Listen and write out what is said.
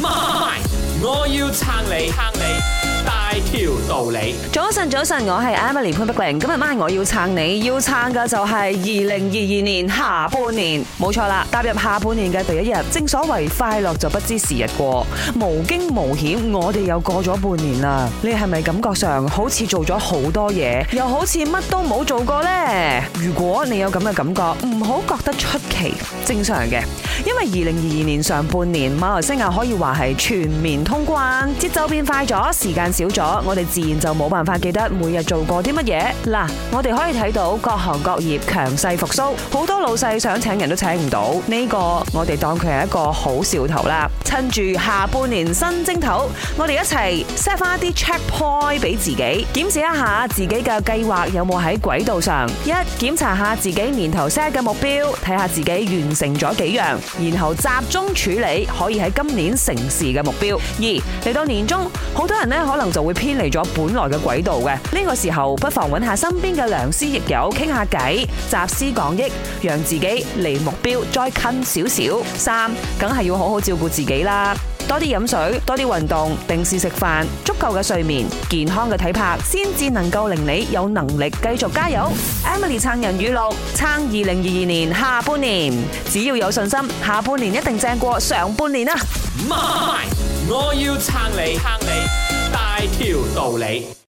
My，我要撐你，撐你大條道理。早晨，早晨，我係 Emily 潘碧玲。今日晚我要撐你，要撐嘅就係二零二二年下半年，冇錯啦。踏入下半年嘅第一日，正所謂快樂就不知時日過，無驚無險，我哋又過咗半年啦。你係咪感覺上好似做咗好多嘢，又好似乜都冇做過呢？如果你有咁嘅感覺，唔好覺得出奇，正常嘅。因為二零二二年上半年，馬來西亞可以話係全面通關，節奏變快咗，時間少咗，我哋自然就冇辦法記得每日做過啲乜嘢。嗱，我哋可以睇到各行各業強勢復蘇，好多老細想請人都請唔到，呢個我哋當佢係一個好兆頭啦。趁住下半年新征頭，我哋一齊 set 翻啲 check point 俾自己，檢視一下自己嘅計劃有冇喺軌道上一，檢，一檢查下自己年頭 set 嘅目標，睇下自己完成咗幾樣。然後集中處理，可以喺今年成事嘅目標。二，嚟到年中，好多人咧可能就會偏離咗本來嘅軌道嘅。呢個時候不妨揾下身邊嘅良師益友傾下偈，集思廣益，讓自己離目標再近少少。三，梗係要好好照顧自己啦。多啲飲水，多啲運動，定時食飯，足夠嘅睡眠，健康嘅體魄，先至能夠令你有能力繼續加油。Emily 撐人語錄，撐二零二二年下半年，只要有信心，下半年一定正過上半年啊！我要撐你，撐你，大條道理。